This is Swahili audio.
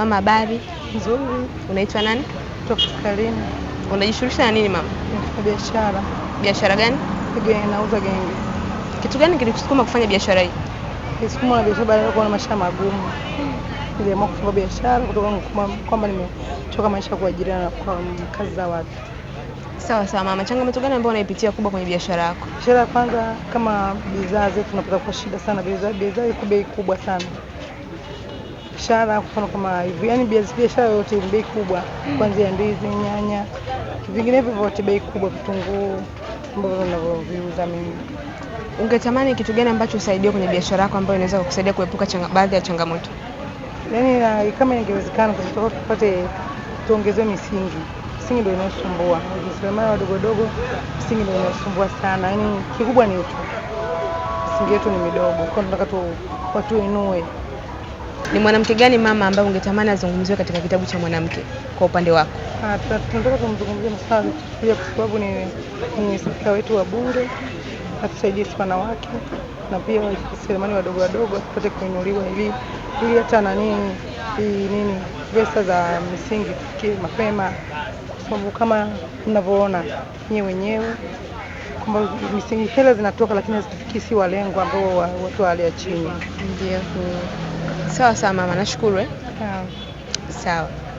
Mama, habari? Nzuri. Unaitwa nani? Karim. Unajishughulisha na nini mama? Biashara. Biashara gani? Nauza genge. Kitu gani kilikusukuma kufanya biashara hii? Nilisukuma na biashara baada ya kuona maisha magumu. Niliamua kufunga biashara kutokana na kwamba nimechoka maisha kwa ajira na kwa kazi za watu. Sawa sawa mama, changamoto gani ambayo unaipitia kubwa kwenye biashara yako? Biashara ya kwanza, kama bidhaa zetu tunapata kwa shida sana, bidhaa bidhaa iko bei kubwa sana biashara, kwa mfano kama hivi, yani biashara yote bei kubwa, kuanzia ndizi, nyanya, vinginevyo vyote bei kubwa, vitunguu ambavyo navyoviuza mimi. Ungetamani kitu gani ambacho usaidie kwenye biashara yako ambayo inaweza kukusaidia kuepuka baadhi ya changamoto? Yaani kama ingewezekana tupate tuongezewe misingi, misingi ndio inayosumbua ujasiriamali wadogo dogo, misingi ndio inayosumbua sana. Yani kikubwa ni utu, misingi yetu ni midogo, kwa tunataka tu watuinue ni mwanamke gani mama ambaye ungetamani azungumziwe katika kitabu cha mwanamke kwa upande wako? Ah, tunataka kumzungumzia msala kwa sababu ni spika wetu wa Bunge, atusaidie wanawake na pia waseremani wadogo wadogo tupate kuinuliwa, ili ili hata nani hii nini pesa za msingi tufikie mapema, kwa sababu kama mnavyoona nyewe wenyewe kwamba hela zinatoka lakini si walengwa ambao watu wa hali ya chini. Ndio. Sawa sawa mama, nashukuru eh. Sawa. Sawa.